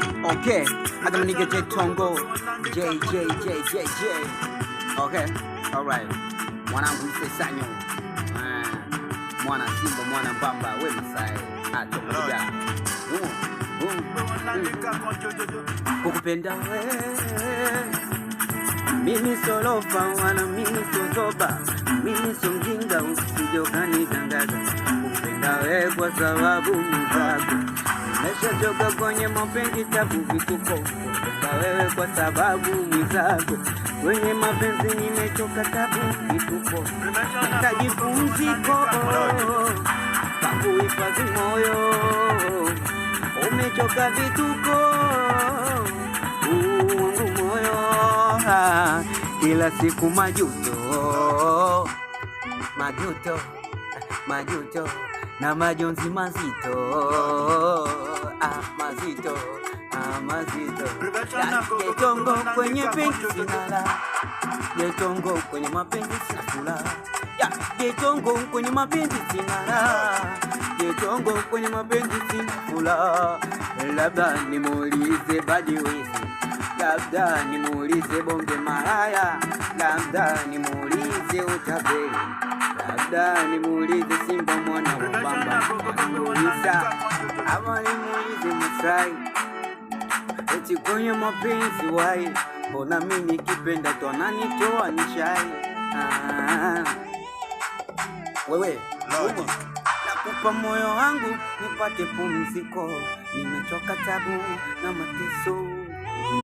Okay, I don't nigga J Tongo. J J J J J. Okay, alright. Mwanangu msesanyo. Mwana ah, simba, mwana bamba, we masai. Atokuja. Kukupenda we. Mimi solofa wala mimi sozoba. Mimi so mjinga usijokanitangaza wewe kwa sababu Mugabe meshachoka kwenye mapenzi tabu vituko wewe kwa sababu mwizako kwenye mapenzi nimechoka tabu vituko hitaji moyo umechoka vituko uungu moyo kila siku majuto majuto majuto na majonzi mazito ah, mazito ah, mazito yaani jetongo kwenye penzi sinala jetongo kwenye mapenzi sinafula jetongo kwenye mapenzi sinala jetongo kwenye mapenzi sinafula labda nimuulize badiwezi labda nimuulize bonge maraya labda nimuulize utapeli Muda nimuulize Simba mwana wa Bamba Isa ama nimuulize Masai eti kwenye mapenzi wai, mbona mimi nikipenda twananitoa nishai? Ah, wewe nakupa moyo wangu nipate pumziko, nimechoka tabu na mateso